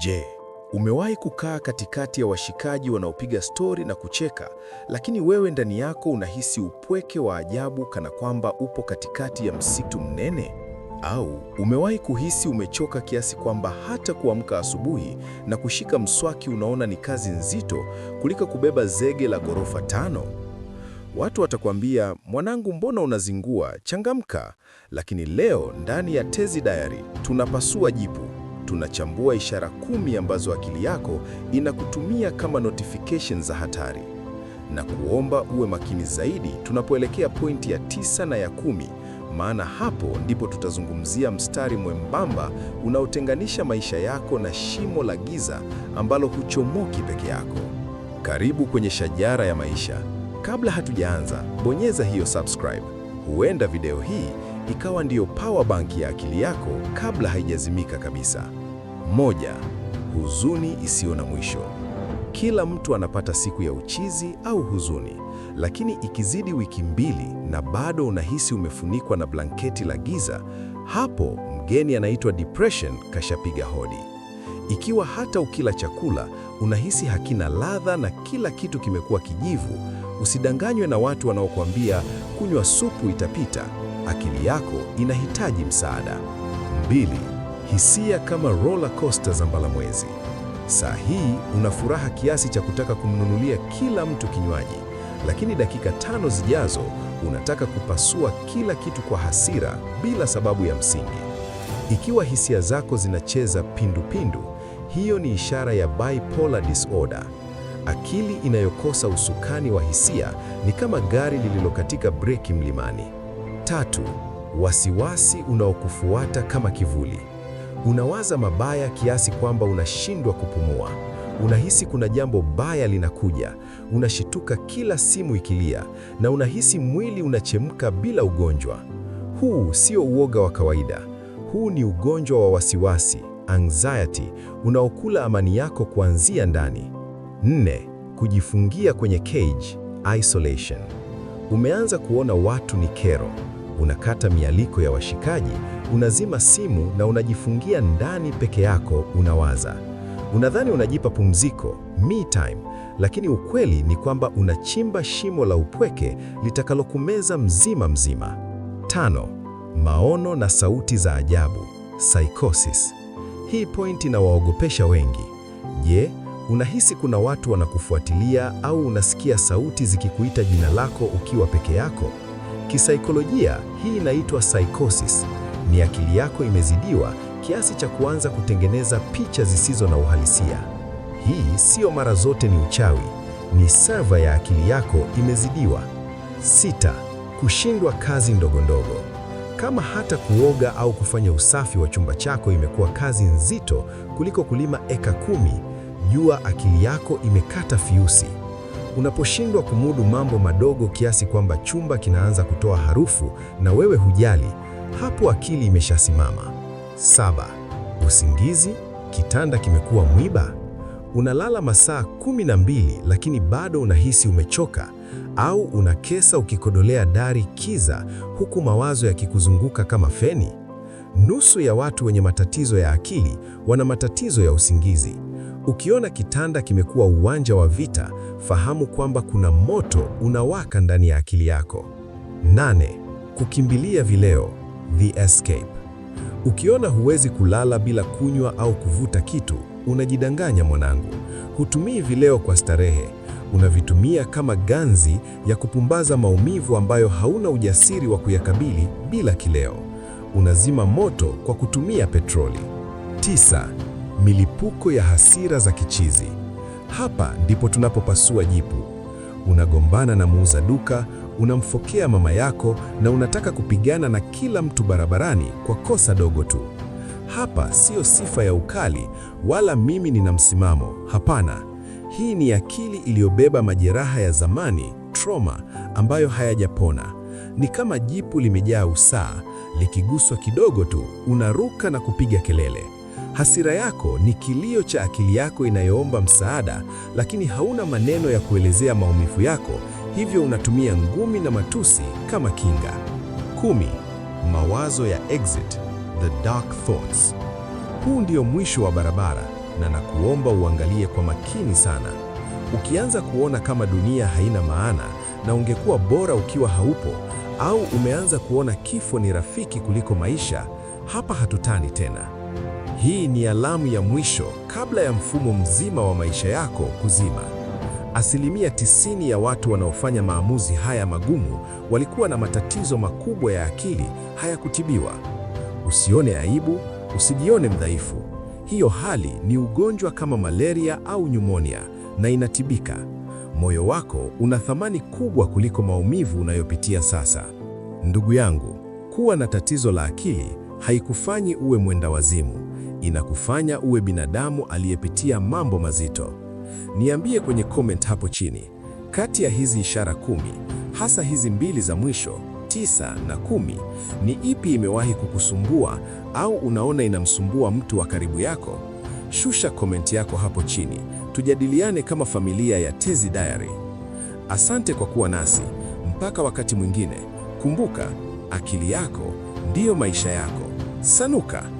Je, umewahi kukaa katikati ya washikaji wanaopiga stori na kucheka, lakini wewe ndani yako unahisi upweke wa ajabu, kana kwamba upo katikati ya msitu mnene? Au umewahi kuhisi umechoka kiasi kwamba hata kuamka asubuhi na kushika mswaki unaona ni kazi nzito kuliko kubeba zege la ghorofa tano? Watu watakwambia, mwanangu, mbona unazingua? Changamka. Lakini leo ndani ya Tezi Diary tunapasua jipu tunachambua ishara kumi ambazo akili yako inakutumia kama notification za hatari, na kuomba uwe makini zaidi tunapoelekea pointi ya tisa na ya kumi, maana hapo ndipo tutazungumzia mstari mwembamba unaotenganisha maisha yako na shimo la giza ambalo huchomoki peke yako. Karibu kwenye Shajara ya Maisha. Kabla hatujaanza, bonyeza hiyo subscribe. Huenda video hii ikawa ndiyo power bank ya akili yako kabla haijazimika kabisa. Moja, huzuni isiyo na mwisho. Kila mtu anapata siku ya uchizi au huzuni, lakini ikizidi wiki mbili na bado unahisi umefunikwa na blanketi la giza, hapo mgeni anaitwa depression kashapiga hodi. Ikiwa hata ukila chakula unahisi hakina ladha na kila kitu kimekuwa kijivu, usidanganywe na watu wanaokuambia kunywa supu itapita akili yako inahitaji msaada. Mbili, hisia kama roller coaster za Mbalamwezi. Saa hii una furaha kiasi cha kutaka kumnunulia kila mtu kinywaji, lakini dakika tano zijazo unataka kupasua kila kitu kwa hasira bila sababu ya msingi. Ikiwa hisia zako zinacheza pindupindu, hiyo ni ishara ya bipolar disorder. Akili inayokosa usukani wa hisia ni kama gari lililokatika breki mlimani. Tatu, wasiwasi unaokufuata kama kivuli. Unawaza mabaya kiasi kwamba unashindwa kupumua. Unahisi kuna jambo baya linakuja, unashituka kila simu ikilia, na unahisi mwili unachemka bila ugonjwa. Huu sio uoga wa kawaida. Huu ni ugonjwa wa wasiwasi, anxiety, unaokula amani yako kuanzia ndani. Nne, kujifungia kwenye cage, isolation. Umeanza kuona watu ni kero unakata mialiko ya washikaji, unazima simu na unajifungia ndani peke yako, unawaza. Unadhani unajipa pumziko, me time, lakini ukweli ni kwamba unachimba shimo la upweke litakalokumeza mzima mzima. Tano, maono na sauti za ajabu, psychosis. Hii point inawaogopesha wengi. Je, unahisi kuna watu wanakufuatilia au unasikia sauti zikikuita jina lako ukiwa peke yako? Kisaikolojia hii inaitwa psychosis. Ni akili yako imezidiwa kiasi cha kuanza kutengeneza picha zisizo na uhalisia. Hii sio mara zote ni uchawi, ni serva ya akili yako imezidiwa. Sita, kushindwa kazi ndogo ndogo. Kama hata kuoga au kufanya usafi wa chumba chako imekuwa kazi nzito kuliko kulima eka kumi, jua akili yako imekata fiusi. Unaposhindwa kumudu mambo madogo kiasi kwamba chumba kinaanza kutoa harufu na wewe hujali, hapo akili imeshasimama. Saba, usingizi, kitanda kimekuwa mwiba. Unalala masaa kumi na mbili lakini bado unahisi umechoka, au unakesa ukikodolea dari kiza, huku mawazo yakikuzunguka kama feni. Nusu ya watu wenye matatizo ya akili wana matatizo ya usingizi. Ukiona kitanda kimekuwa uwanja wa vita, fahamu kwamba kuna moto unawaka ndani ya akili yako. Nane, kukimbilia vileo, the escape. Ukiona huwezi kulala bila kunywa au kuvuta kitu, unajidanganya mwanangu. Hutumii vileo kwa starehe, unavitumia kama ganzi ya kupumbaza maumivu ambayo hauna ujasiri wa kuyakabili bila kileo. Unazima moto kwa kutumia petroli. Tisa, milipuko ya hasira za kichizi. Hapa ndipo tunapopasua jipu. Unagombana na muuza duka, unamfokea mama yako na unataka kupigana na kila mtu barabarani kwa kosa dogo tu. Hapa siyo sifa ya ukali wala mimi nina msimamo. Hapana, hii ni akili iliyobeba majeraha ya zamani, trauma ambayo hayajapona. Ni kama jipu limejaa usaa, likiguswa kidogo tu unaruka na kupiga kelele. Hasira yako ni kilio cha akili yako inayoomba msaada, lakini hauna maneno ya kuelezea maumivu yako, hivyo unatumia ngumi na matusi kama kinga. Kumi, mawazo ya exit, the dark thoughts. Huu ndio mwisho wa barabara na nakuomba uangalie kwa makini sana. Ukianza kuona kama dunia haina maana na ungekuwa bora ukiwa haupo, au umeanza kuona kifo ni rafiki kuliko maisha, hapa hatutani tena. Hii ni alamu ya mwisho kabla ya mfumo mzima wa maisha yako kuzima. Asilimia tisini ya watu wanaofanya maamuzi haya magumu walikuwa na matatizo makubwa ya akili hayakutibiwa. Usione aibu, usijione mdhaifu. Hiyo hali ni ugonjwa kama malaria au nyumonia na inatibika. Moyo wako una thamani kubwa kuliko maumivu unayopitia sasa. Ndugu yangu, kuwa na tatizo la akili haikufanyi uwe mwenda wazimu inakufanya uwe binadamu aliyepitia mambo mazito. Niambie kwenye comment hapo chini, kati ya hizi ishara kumi, hasa hizi mbili za mwisho, tisa na kumi, ni ipi imewahi kukusumbua au unaona inamsumbua mtu wa karibu yako? Shusha komenti yako hapo chini, tujadiliane kama familia ya Tezi Diary. Asante kwa kuwa nasi mpaka wakati mwingine. Kumbuka, akili yako ndiyo maisha yako. Sanuka.